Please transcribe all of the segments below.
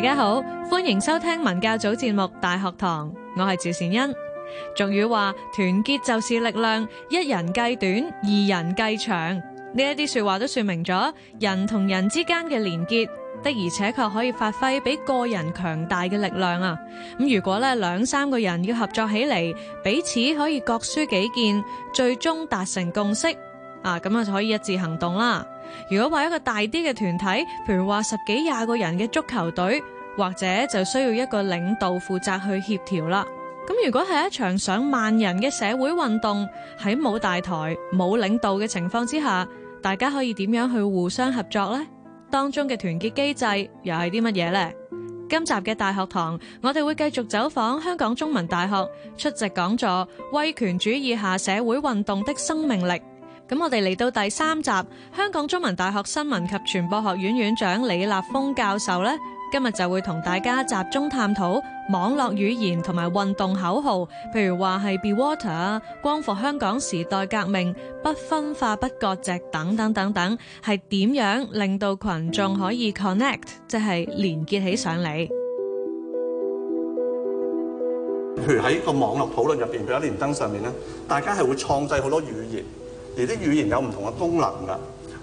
大家好，歡迎收聽文教組節目《大學堂》，我係趙善恩。俗語話團結就是力量，一人計短，二人計長，呢一啲說話都說明咗人同人之間嘅連結，的而且確可以發揮比個人強大嘅力量啊！咁如果咧兩三個人要合作起嚟，彼此可以各抒己見，最終達成共識啊，咁啊就可以一致行動啦。如果話一個大啲嘅團體，譬如話十幾廿個人嘅足球隊，或者就需要一個領導負責去協調啦。咁如果係一場上萬人嘅社會運動，喺冇大台、冇領導嘅情況之下，大家可以點樣去互相合作呢？當中嘅團結機制又係啲乜嘢呢？今集嘅大學堂，我哋會繼續走訪香港中文大學，出席講座，威權主義下社會運動的生命力。咁我哋嚟到第三集，香港中文大學新聞及傳播學院院長李立峰教授咧，今日就會同大家集中探討網絡語言同埋運動口號，譬如話係 Be Water、光復香港時代革命、不分化不割席等等等等，係點樣令到群眾可以 connect，即係、嗯、連結起上嚟。譬如喺個網絡討論入邊，譬如一連登上面咧，大家係會創制好多語言。而啲語言有唔同嘅功能㗎，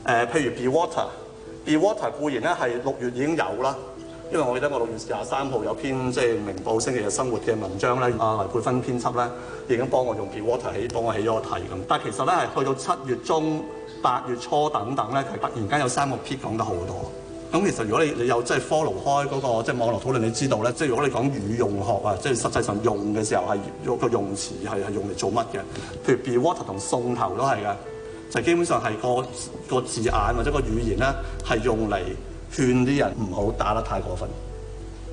呃，譬如 be water，be water 固然咧係六月已經有啦，因為我記得我六月廿三號有篇即係就是《明報》星期日生活嘅文章咧，阿、啊、黎佩芬編輯咧已經幫我用 be water 起，幫我起咗個題咁。但其實咧去到七月中、八月初等等咧，佢突然間有三個 piece 講得好多。咁其實如果你你有即係 follow 開嗰個即係網絡討論，你知道咧，即係如果你講語用學啊，即係實際上用嘅時候係用個用詞係係用嚟做乜嘅？譬如 be water 同送頭都係嘅，就基本上係個個字眼或者個語言咧係用嚟勸啲人唔好打得太過分，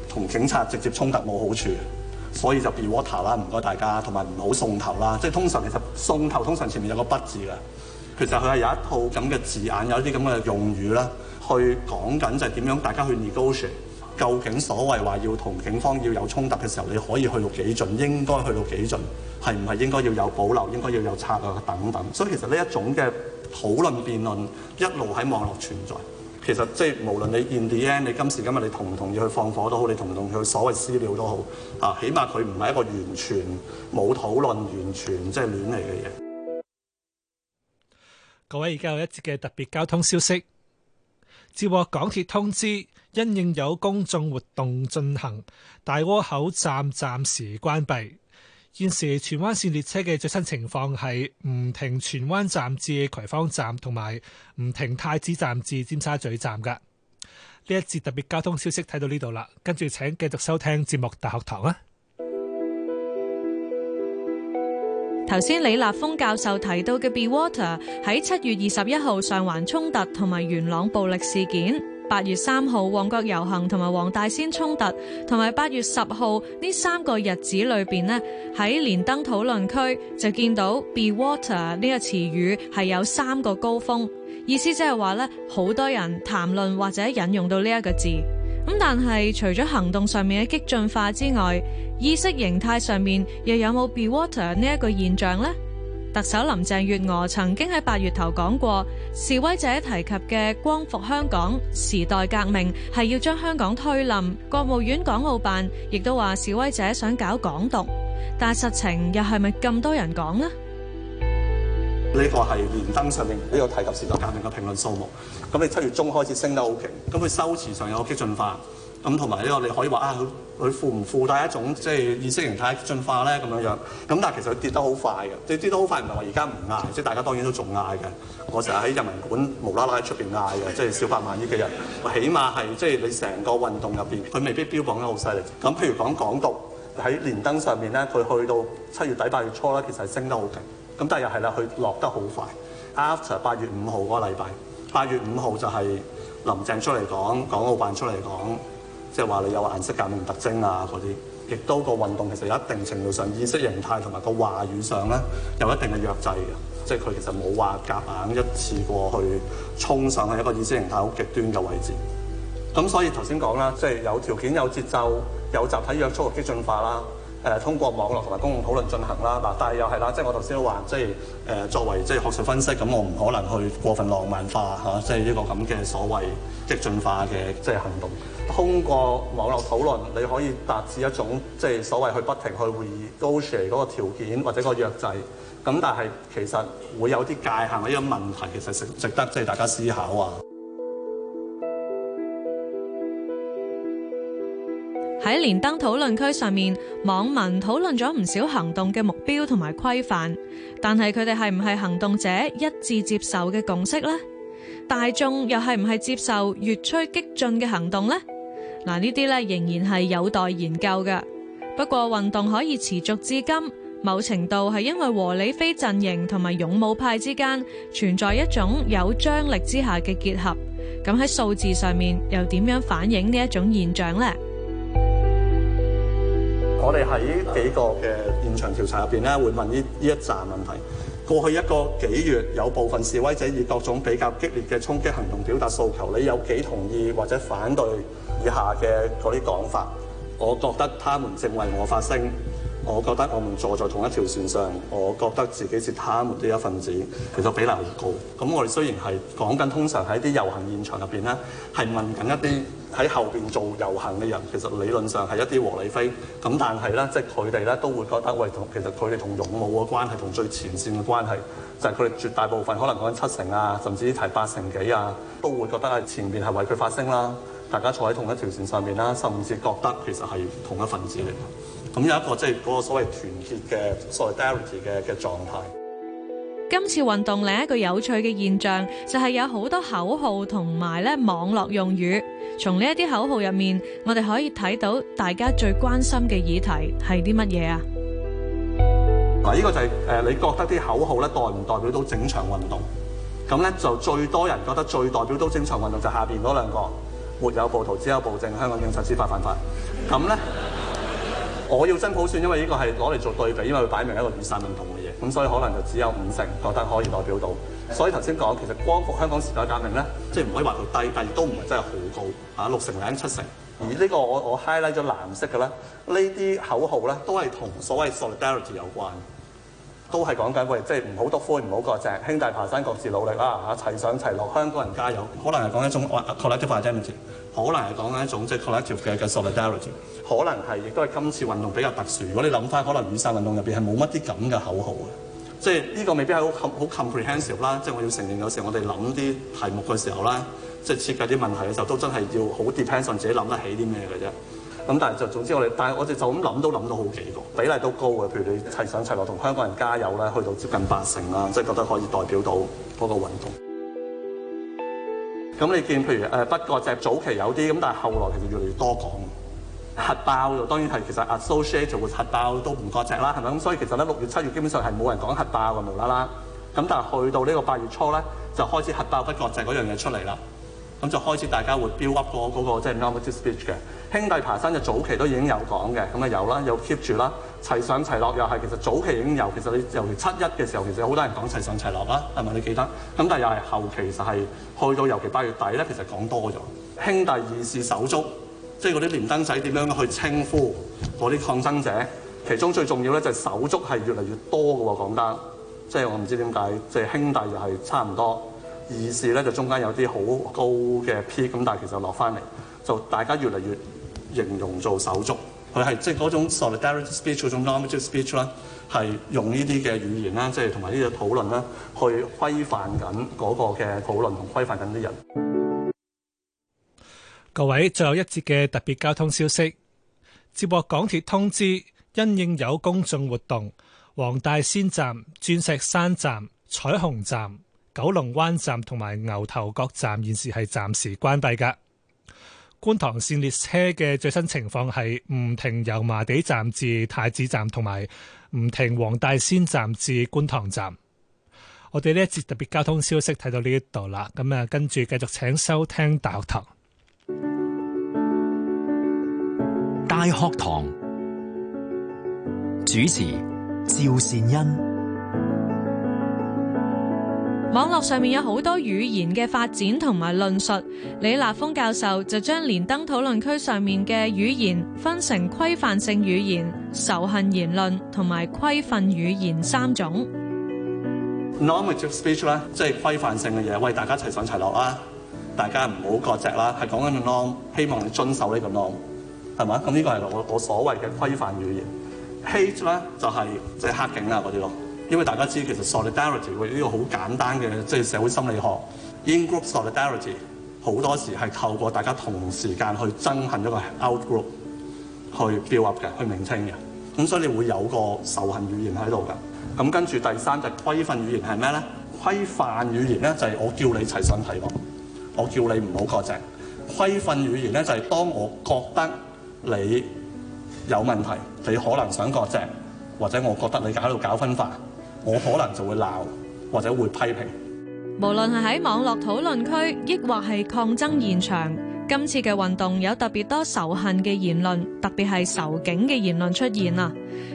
同警察直接衝突冇好處，所以就 be water 啦，唔該大家，同埋唔好送頭啦。即係通常其實送頭通常前面有個不字嘅。其實佢係有一套咁嘅字眼，有啲咁嘅用語啦。去講緊就係點樣大家去 negotiate。究竟所謂話要同警方要有衝突嘅時候，你可以去到幾盡，應該去到幾盡，係唔係應該要有保留，應該要有策略等等。所以其實呢一種嘅討論辯論一路喺網絡存在。其實即係無論你 in the end 你今時今日你同唔同意去放火都好，你同唔同意去所謂私了都好，啊，起碼佢唔係一個完全冇討論、完全即係亂嚟嘅嘢。各位，而家有一節嘅特別交通消息。接獲港鐵通知，因應有公眾活動進行，大窩口站暫時關閉。現時荃灣綫列車嘅最新情況係唔停荃灣站至葵芳站，同埋唔停太子站至尖沙咀站㗎。呢一節特別交通消息睇到呢度啦，跟住請繼續收聽節目《大學堂》啊。頭先李立峰教授提到嘅 be water 喺，七月二十一號上環衝突同埋元朗暴力事件，八月三號旺角遊行同埋黃大仙衝突，同埋八月十號呢三個日子裏邊呢，喺連登討論區就見到 be water 呢個詞語係有三個高峰，意思即係話咧好多人談論或者引用到呢一個字，咁但係除咗行動上面嘅激進化之外。意識形態上面又有冇 be water 呢一個現象呢？特首林鄭月娥曾經喺八月頭講過，示威者提及嘅光復香港、時代革命係要將香港推冧。國務院港澳辦亦都話示威者想搞港獨，但係實情又係咪咁多人講呢？呢個係連登上面都有提及時代革命嘅評論數目，咁你七月中開始升得 OK，咁佢修辭上有啲激進化。咁同埋呢個，你可以話啊，佢佢附唔附帶一種即係、就是、意識形態進化咧，咁樣樣。咁但係其實佢跌得好快嘅，跌跌得好快。唔係話而家唔嗌，即係大家當然都仲嗌嘅。我成日喺人民館無啦啦喺出面嗌嘅，即、就、係、是、小百萬億嘅人，起碼係即係你成個運動入面，佢未必標榜得好犀利。咁譬如講港獨喺連登上面咧，佢去到七月底八月初咧，其實係升得好勁。咁但係又係啦，佢落得好快。After 八月五號嗰個禮拜，八月五號就係林鄭出嚟講，港澳辦出嚟講。即係話你有顏色革命特徵啊，嗰啲，亦都個運動其實有一定程度上意識形態同埋個話語上咧，有一定嘅約制嘅，即係佢其實冇話夾硬一次過去衝上去一個意識形態好極端嘅位置。咁所以頭先講啦，即係有條件、有節奏、有集體約束嘅激進化啦。通過網絡同埋公共討論進行啦，嗱，但又係啦，即係我頭先都話，即係作為即係學術分析，咁我唔可能去過分浪漫化即係呢個咁嘅所謂激進化嘅即行動。通過網絡討論，你可以達至一種即係所謂去不停去會議高 s h a e 嗰個條件或者個約制，咁但係其實會有啲界限呢、這個問題，其實值值得即大家思考啊！喺連登討論區上面，網民討論咗唔少行動嘅目標同埋規範，但係佢哋係唔係行動者一致接受嘅共識呢？大眾又係唔係接受越趨激進嘅行動呢？嗱，呢啲咧仍然係有待研究嘅。不過運動可以持續至今，某程度係因為和理非陣營同埋勇武派之間存在一種有張力之下嘅結合。咁喺數字上面又點樣反映呢一種現象呢？我哋喺幾個嘅現場調查入邊咧，會問呢呢一紮問題。過去一個幾月，有部分示威者以各種比較激烈嘅衝擊行動表達訴求。你有幾同意或者反對以下嘅嗰啲講法？我覺得他們正為我發聲。我覺得我們坐在同一條船上，我覺得自己是他們的一份子，其實比例好高。咁我哋雖然係講緊通常喺啲遊行現場入邊咧，係問緊一啲喺後邊做遊行嘅人，其實理論上係一啲和理非。咁但係咧，即係佢哋咧都會覺得喂，其實佢哋同勇武嘅關係，同最前線嘅關係，就係佢哋絕大部分可能講緊七成啊，甚至提八成幾啊，都會覺得係前面係為佢發聲啦。大家坐喺同一條船上面啦，甚至覺得其實係同一份子嚟。咁有一個即係嗰個所謂團結嘅所 o d a r i t y 嘅嘅狀態。狀態，今次運動另一個有趣嘅現象就係、是、有好多口號同埋咧網絡用語。從呢一啲口號入面，我哋可以睇到大家最關心嘅議題係啲乜嘢啊？嗱，呢個就係誒你覺得啲口號咧代唔代表到整場運動？咁咧就最多人覺得最代表到整場運動就是下邊嗰兩個：沒有暴徒，只有暴政。香港警察司法犯法。咁咧。我要真普選，因為呢個係攞嚟做對比，因為佢擺明一個雨傘運動嘅嘢，咁所以可能就只有五成覺得可以代表到。所以頭先講，其實光復香港時代革命咧，即係唔可以話到低，低唔係，但係都唔係真係好高，六成零七成。嗯，而呢個我我 highlight 咗藍色嘅咧，呢啲口號咧都係同所謂 solidarity 有關。都係講緊喂，即係唔好篤灰，唔好割席，兄弟爬山各自努力啦，嚇、啊、齊上齊落，香港人加油！可能係講一種 collective identity 唔知，可能係講緊一種即係 collective 嘅 solidarity，可能係亦都係今次運動比較特殊。如果你諗翻，可能雨傘運動入邊係冇乜啲咁嘅口號嘅，即係呢個未必係好好 comprehensive 啦。Com ensive，即係我要承認，有時候我哋諗啲題目嘅時候啦，即係設計啲問題嘅時候，都真係要好 depends on 自己諗得起啲咩嘅啫。咁但係就總之，我哋但係我哋就咁諗都諗到好幾個比例都高嘅。譬如你齊上齊落同香港人加油咧，去到接近八成啦，即係覺得可以代表到嗰個運動。咁你見譬如不割席早期有啲咁，但係後來其實越嚟越多講核爆嘅。當然係其實 associate 就會核爆都唔割席啦，係咪咁？所以其實咧六月七月基本上係冇人講核爆嘅，無啦啦。咁但係去到呢個八月初咧，就開始核爆不割席嗰樣嘢出嚟啦。咁就開始大家會 build up 過嗰個即係 normative speech 嘅。兄弟爬山就早期都已經有講嘅，咁啊有啦，有 keep 住啦，齊上齊落又係其實早期已經有，其實你尤其七一嘅時候，其實有好多人講齊上齊落啦，係咪你記得？咁但係又係後期就係、是、去到尤其八月底咧，其實講多咗。兄弟義士手足，即係嗰啲連登仔點樣去稱呼嗰啲抗爭者，其中最重要咧就係手足係越嚟越多嘅喎，講得即係我唔知點解，即係、就是、兄弟又係差唔多，義士咧就中間有啲好高嘅 P，咁但係其實落翻嚟就大家越嚟越。形容做手足，佢係即係嗰種 solidarity speech，嗰種 normative speech 啦，係用呢啲嘅語言啦，即係同埋呢個討論啦，去規範緊嗰個嘅討論同規範緊啲人。各位，最後一節嘅特別交通消息，接獲港鐵通知，因應有公眾活動，黃大仙站、鑽石山站、彩虹站、九龍灣站同埋牛頭角站現時係暫時關閉噶。觀塘綫列車嘅最新情況係唔停油麻地站至太子站，同埋唔停黃大仙站至觀塘站。我哋呢一節特別交通消息，睇到呢一度啦，咁啊跟住繼續請收聽大學堂。大學堂主持趙善恩。網絡上面有好多語言嘅發展同埋論述，李立峰教授就將連登討論區上面嘅語言分成規範性語言、仇恨言論同埋規訓語言三種。normative speech 咧，即係規範性嘅嘢，喂，大家齊上齊落啦，大家唔好割席啦，係講緊 norm，希望你遵守呢個 norm，係嘛？咁呢個係我我所謂嘅規範語言。hate 咧就係即係黑警啦嗰啲咯。因為大家知道其實 solidarity 喎，呢個好簡單嘅即係社會心理學。In-group solidarity 好多時係透過大家同時間去憎恨一個 out-group 去標立嘅、去名稱嘅。咁所以你會有個仇恨語言喺度㗎。咁跟住第三就係規範語言係咩咧？規範語言咧就係我叫你齊身體我」，「我叫你唔好割席。規範語言咧就係當我覺得你有問題，你可能想割席，或者我覺得你喺度搞分化。我可能就會鬧或者會批評，無論係喺網絡討論區，抑或係抗爭現場，今次嘅運動有特別多仇恨嘅言論，特別係仇警嘅言論出現啊。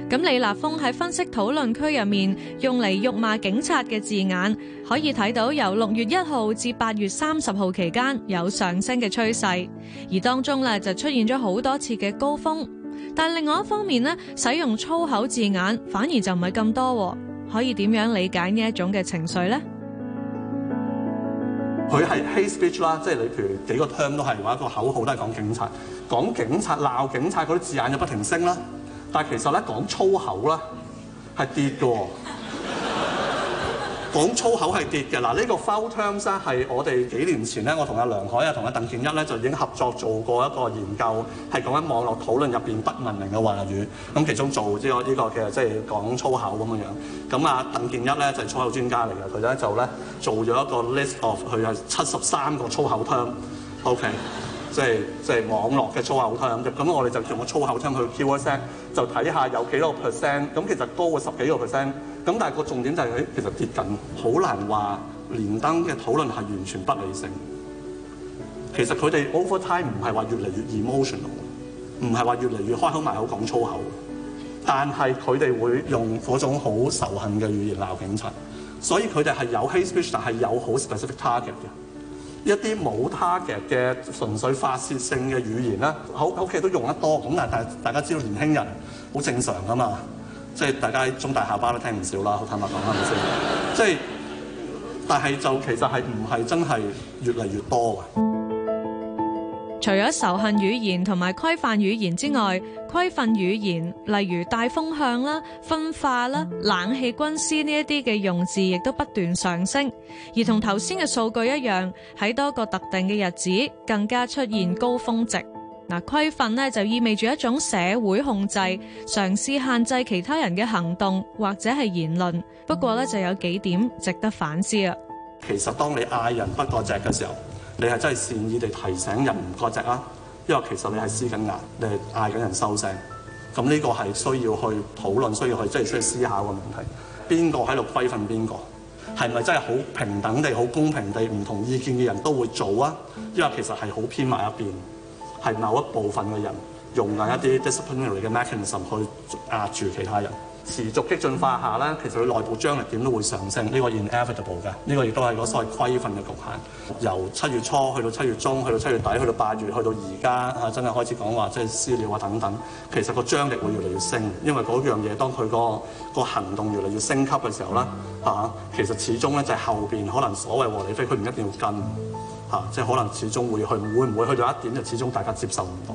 咁李立峰喺分析討論區入面用嚟辱罵警察嘅字眼，可以睇到由六月一號至八月三十號期間有上升嘅趨勢，而當中呢就出現咗好多次嘅高峰。但另外一方面呢，使用粗口字眼反而就唔係咁多。可以點樣理解呢一種嘅情緒咧？佢係 hate speech 啦，即係你譬如幾個 term 都係，或者一個口號都係講警察，講警察鬧警察嗰啲字眼就不停升啦。但係其實咧講粗口啦，係跌嘅。講粗口係跌嘅。嗱，呢個 foul terms 係我哋幾年前咧，我同阿梁海啊，同阿鄧建一咧，就已經合作做過一個研究，係講緊網絡討論入邊不文明嘅話語。咁其中做呢個呢個，其實即係講粗口咁樣樣。咁啊，鄧建一咧就係粗口專家嚟嘅，佢咧就咧做咗一個 list of 佢係七十三個粗口 term。OK，即係即係網絡嘅粗口 term 啫。咁我哋就用個粗口 term l l share，就睇下有幾多 percent。咁其實高過十幾個 percent。咁但係個重點就係，佢其實跌緊，好難話連登嘅討論係完全不理性。其實佢哋 over time 唔係話越嚟越 emotional，唔係話越嚟越開口埋口講粗口，但係佢哋會用嗰種好仇恨嘅語言鬧警察，所以佢哋係有 hate speech，但係有好 specific target 嘅。一啲冇 target 嘅純粹發泄性嘅語言咧，好屋企都用得多。咁但係大大家知道年輕人好正常㗎嘛。即係大家中大下巴都聽唔少啦，好坦白講係咪先？即係，但係就其實係唔係真係越嚟越多㗎？除咗仇恨語言同埋規範語言之外，規範語言，例如大風向啦、分化啦、冷氣軍師呢一啲嘅用字，亦都不斷上升。而同頭先嘅數據一樣，喺多個特定嘅日子更加出現高峰值。嗱，規訓咧就意味住一種社會控制，嘗試限制其他人嘅行動或者係言論。不過咧就有幾點值得反思啊。其實當你嗌人不割蓆嘅時候，你係真係善意地提醒人唔割蓆啊，因為其實你係施緊壓，你係嗌緊人收聲。咁呢個係需要去討論，需要去即係需要思考嘅問題。邊個喺度規訓邊個？係咪真係好平等地、好公平地唔同意見嘅人都會做啊？因為其實係好偏埋一邊。係某一部分嘅人用緊一啲 disciplinary 嘅 mechanism 去壓住其他人。持續激進化下咧，其實佢內部張力點都會上升，呢個係 inevitable 嘅，呢個亦都係個所謂規訓嘅局限。由七月初去到七月中，去到七月底，去到八月，去到而家啊，真係開始講話即係私了啊等等。其實個張力會越嚟越升，因為嗰樣嘢當佢個個行動越嚟越升級嘅時候咧，嚇，其實始終咧就係後邊可能所謂和理非，佢唔一定要跟。嚇！即係可能始終會去，會唔會去到一點就始終大家接受唔到？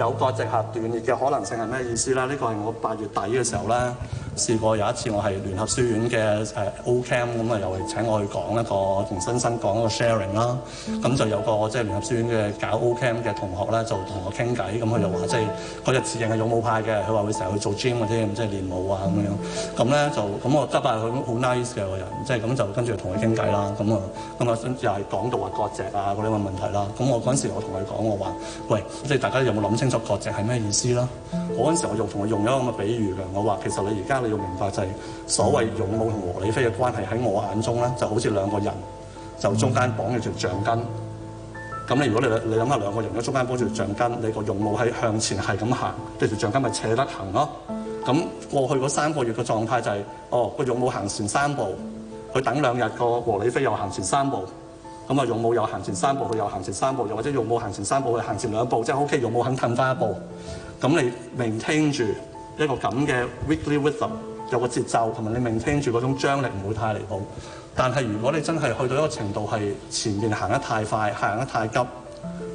沒有割席或斷裂嘅可能性係咩意思咧？呢個係我八月底嘅時候咧。試過有一次，我係聯合書院嘅誒 O Camp 咁啊，又請我去講一個同新生講個 sharing 啦。咁就有個即係聯合書院嘅搞 O Camp 嘅同學咧，就同我傾偈。咁佢就話即係佢就自認係勇武派嘅，佢話會成日去做 gym 嘅啫，即係練武啊咁樣。咁咧就咁我覺得佢好 nice 嘅個人，即係咁就跟住同佢傾偈啦。咁啊咁啊，又係講到話割蓆啊嗰啲咁嘅問題啦。咁我嗰陣時我同佢講，我話：喂，即係大家有冇諗清楚割蓆係咩意思啦？我嗰時我又同佢用咗一個比喻嘅，我話其實你而家。你要明白就係所謂勇武同和理非嘅關係喺我眼中咧，就好似兩個人就中間綁住條橡筋。咁你如果你你諗下兩個人如果中間綁住條橡筋，你個勇武係向前係咁行，對住橡筋咪扯得行咯。咁過去嗰三個月嘅狀態就係、是，哦個勇武行前三步，佢等兩日個和理非又行前三步，咁啊勇武又行前三步，佢又行前三步，又或者勇武行前三步佢行前兩步，即係 O K 勇武肯褪翻一步，咁你明聽住。一個咁嘅 weekly rhythm 有個節奏，同埋你 maintain 住嗰種張力唔會太離譜。但係如果你真係去到一個程度係前面行得太快，行得太急，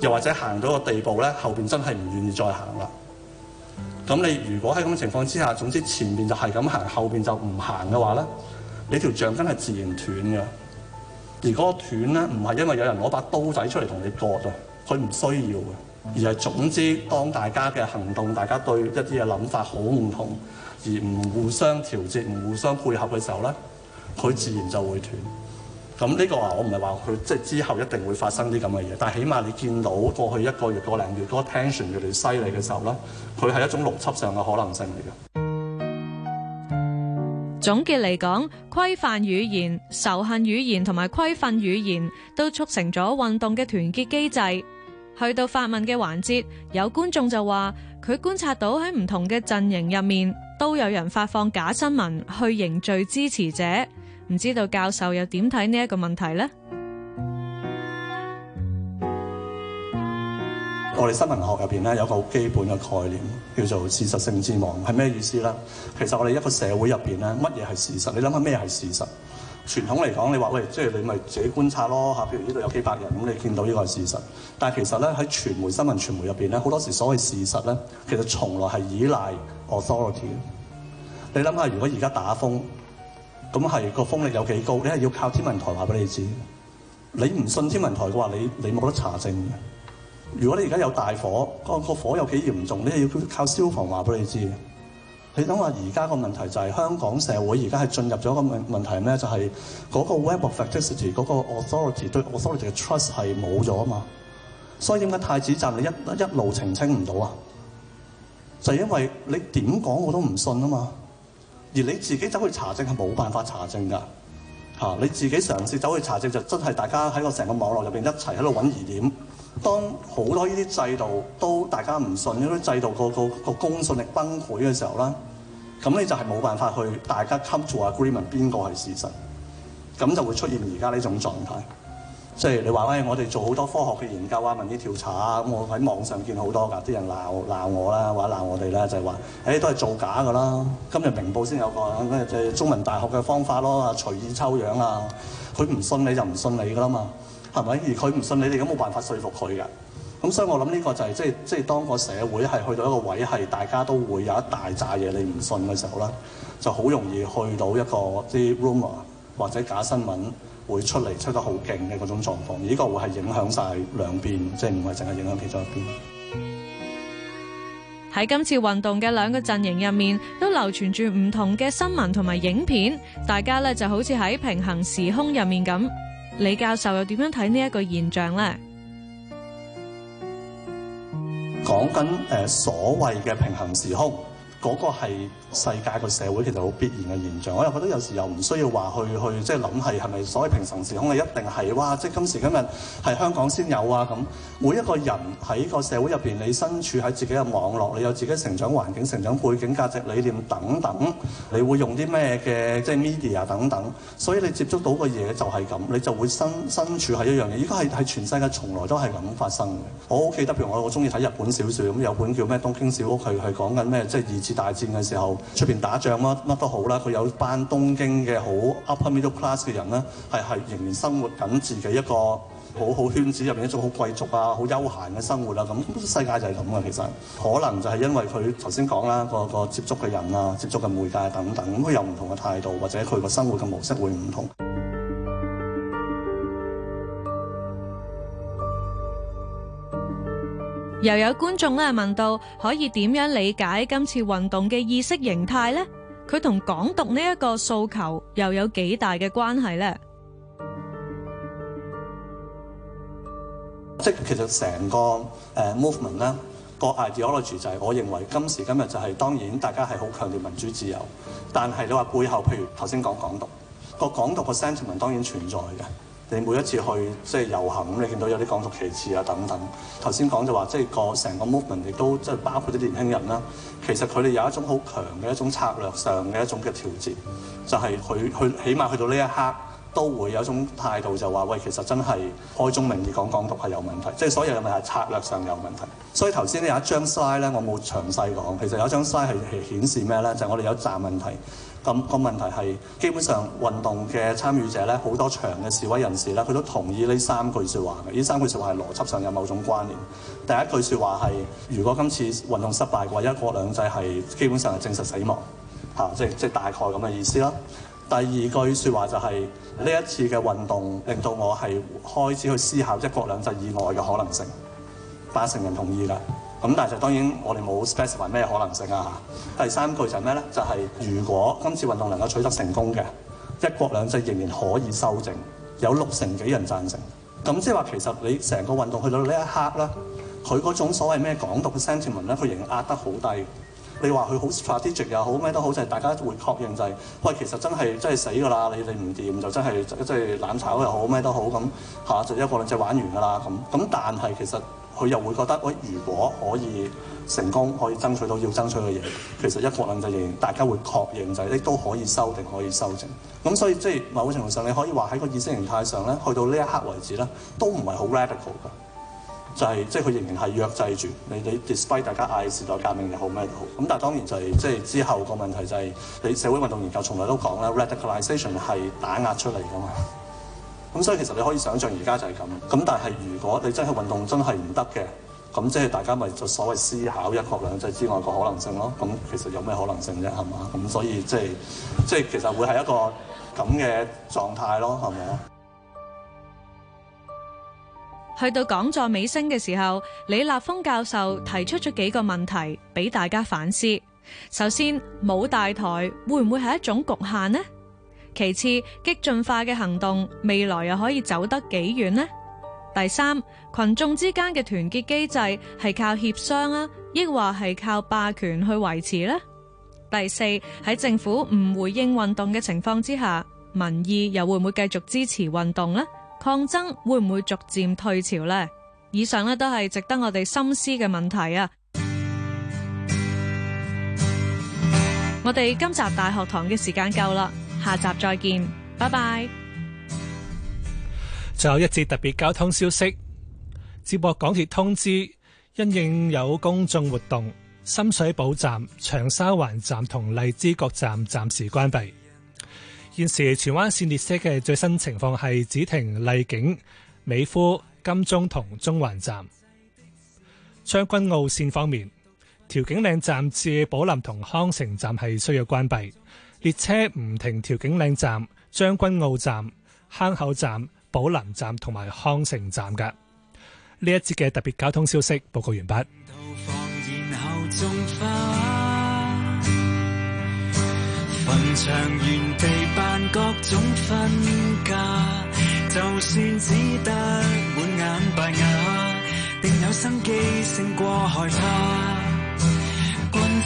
又或者行到一個地步咧，後面真係唔願意再行啦。咁你如果喺咁嘅情況之下，總之前面就係咁行，後面就唔行嘅話咧，你條橡筋係自然斷嘅。而嗰個斷咧，唔係因為有人攞把刀仔出嚟同你割啊，佢唔需要嘅。而係總之，當大家嘅行動、大家對一啲嘅諗法好唔同，而唔互相調節、唔互相配合嘅時候咧，佢自然就會斷。咁、這、呢個啊，我唔係話佢即係之後一定會發生啲咁嘅嘢，但係起碼你見到過去一個月、個零月嗰、那個 tension 越嚟越犀利嘅時候咧，佢係一種邏輯上嘅可能性嚟嘅。總結嚟講，規範語言、仇恨語言同埋規訓語言都促成咗運動嘅團結機制。去到發問嘅環節，有觀眾就話佢觀察到喺唔同嘅陣營入面都有人發放假新聞去凝聚支持者，唔知道教授又點睇呢一個問題呢？我哋新聞學入邊咧有個好基本嘅概念叫做事實性之網，係咩意思呢？其實我哋一個社會入邊咧，乜嘢係事實？你諗下咩係事實？傳統嚟講，你話喂，即係你咪自己觀察咯吓，譬如呢度有幾百人，咁你見到呢個係事實。但係其實咧，喺傳媒新聞傳媒入邊咧，好多時所謂事實咧，其實從來係依賴 authority。你諗下，如果而家打風，咁係個風力有幾高？你係要靠天文台話俾你知。你唔信天文台嘅話，你你冇得查證。如果你而家有大火，個個火有幾嚴重？你係要靠消防話俾你知。你諗下，而家個問題就係香港社會而家係進入咗一個問問題咩？就係嗰個 web of facticity，嗰個 authority 對 authority 嘅 trust 係冇咗啊嘛。所以點解太子站你一一路澄清唔到啊？就係因為你點講我都唔信啊嘛。而你自己走去查證係冇辦法查證㗎嚇。你自己嘗試走去查證，就真係大家喺個成個網絡入邊一齊喺度揾疑點。當好多呢啲制度都大家唔信，呢啲制度個個個公信力崩潰嘅時候啦，咁你就係冇辦法去大家 come to agreement 邊個係事實，咁就會出現而家呢種狀態。即係你話我哋做好多科學嘅研究啊、民意調查啊，咁我喺網上見好多噶，啲人鬧鬧我啦，或者鬧我哋啦，就係話：誒都係造假噶啦！今日明報先有個即中文大學嘅方法咯，隨意抽樣啊，佢唔信你就唔信你噶啦嘛。係咪？而佢唔信你哋，咁冇辦法說服佢嘅。咁所以，我諗呢個就係，即係即係當個社會係去到一個位，係大家都會有一大扎嘢你唔信嘅時候咧，就好容易去到一個啲，即係 rumor 或者假新聞會出嚟出得好勁嘅嗰種狀況，呢個會係影響晒兩邊，即係唔係淨係影響其中一邊。喺今次運動嘅兩個陣營入面，都流傳住唔同嘅新聞同埋影片，大家咧就好似喺平行時空入面咁。李教授又點樣睇呢一個現象咧？講緊誒所謂嘅平行時空。嗰個係世界嘅社會其實好必然嘅現象，我又覺得有時又唔需要話去去即係諗係係咪所謂平常時空你一定係哇，即係今時今日係香港先有啊咁。每一個人喺個社會入邊，你身處喺自己嘅網絡，你有自己成長環境、成長背景、價值理念等等，你會用啲咩嘅即係 media 等等，所以你接觸到嘅嘢就係咁，你就會身身處係一樣嘢。如果係係全世界從來都係咁發生嘅。我好記得譬如我我中意睇日本小說咁，有本叫咩《東京小屋》，佢係講緊咩即係二大戰嘅時候，出面打仗乜乜都好啦。佢有班東京嘅好 upper middle class 嘅人咧，係係仍然生活緊自己一個好好圈子入面一種好貴族啊、好悠閒嘅生活啦、啊。咁世界就係咁嘅其實，可能就係因為佢頭先講啦個個接觸嘅人啊、接觸嘅媒介等等，咁佢有唔同嘅態度，或者佢個生活嘅模式會唔同。又有觀眾咧問到，可以點樣理解今次運動嘅意識形態咧？佢同港獨呢一個訴求又有幾大嘅關係咧？即係其實成個誒 movement 咧，個 ideology 就係，我認為今時今日就係當然大家係好強調民主自由，但係你話背後譬如頭先講港獨，個港獨個 sentiment 當然存在嘅。你每一次去即係遊行你見到有啲港獨旗幟啊等等。頭先講就話即係個成個 movement 亦都即係包括啲年輕人啦。其實佢哋有一種好強嘅一種策略上嘅一種嘅調節，就係佢佢起碼去到呢一刻都會有一種態度就話：喂，其實真係開宗明義講港獨係有問題，即係所有嘅問題係策略上有問題。所以頭先咧有一張 slide 咧，我冇詳細講，其實有一張 slide 係係顯示咩咧，就係、是、我哋有讚問題。咁個問題係，基本上運動嘅參與者咧，好多場嘅示威人士咧，佢都同意呢三句說話嘅。呢三句說話係邏輯上有某種關聯。第一句說話係，如果今次運動失敗嘅話，一國兩制係基本上係證實死亡，嚇，即係即係大概咁嘅意思啦。第二句說話就係，呢一次嘅運動令到我係開始去思考一國兩制以外嘅可能性。八成人同意啦。咁但係就當然我哋冇 specify 咩可能性啊。第三句就係咩咧？就係、是、如果今次運動能夠取得成功嘅，一國兩制仍然可以修正，有六成幾人贊成。咁即係話其實你成個運動去到呢一刻啦，佢嗰種所謂咩港獨嘅 sentiment 咧，佢仍然壓得好低。你話佢 str 好 strategic 又好咩都好，就係、是、大家會確認就係、是、喂，其實真係真係死㗎啦！你你唔掂就真係即係攬炒又好咩都好咁嚇、啊，就一國兩制玩完㗎啦咁。咁但係其實。佢又會覺得喂，如果可以成功，可以爭取到要爭取嘅嘢，其實一國兩制仍然大家會確認就係你都可以修定，可以修正。咁所以即係某程度上你可以話喺個意識形態上咧，去到呢一刻為止咧，都唔係好 radical 㗎。就係、是、即係佢仍然係約制住你。你 despite 大家嗌時代革命又好咩都好。咁但係當然就係即係之後個問題就係、是、你社會運動研究從來都講咧 radicalization 係打壓出嚟㗎嘛。咁所以其實你可以想象而家就係咁，咁但係如果你真係運動真係唔得嘅，咁即係大家咪就所謂思考一國兩制之外個可能性咯？咁其實有咩可能性啫？係嘛？咁所以即係即係其實會係一個咁嘅狀態咯，係咪啊？去到講座尾聲嘅時候，李立峯教授提出咗幾個問題俾大家反思。首先，冇大台會唔會係一種局限呢？其次，激進化嘅行動未來又可以走得幾遠呢？第三，群眾之間嘅團結機制係靠協商啊，亦或係靠霸權去維持呢？第四，喺政府唔回應運動嘅情況之下，民意又會唔會繼續支持運動呢？抗爭會唔會逐漸退潮呢？以上呢都係值得我哋深思嘅問題啊！我哋今集大學堂嘅時間夠啦。下集再見，拜拜。最後一節特別交通消息，接駁港鐵通知，因應有公眾活動，深水埗站、長沙灣站同荔枝角站暫時關閉。現時荃灣綫列車嘅最新情況係只停荔景、美孚、金鐘同中環站。將軍澳綫方面，調景嶺站至寶林同康城站係需要關閉。列車唔停，調景嶺站、將軍澳站、坑口站、寶林站同埋康城站嘅呢一節嘅特別交通消息報告完畢。然後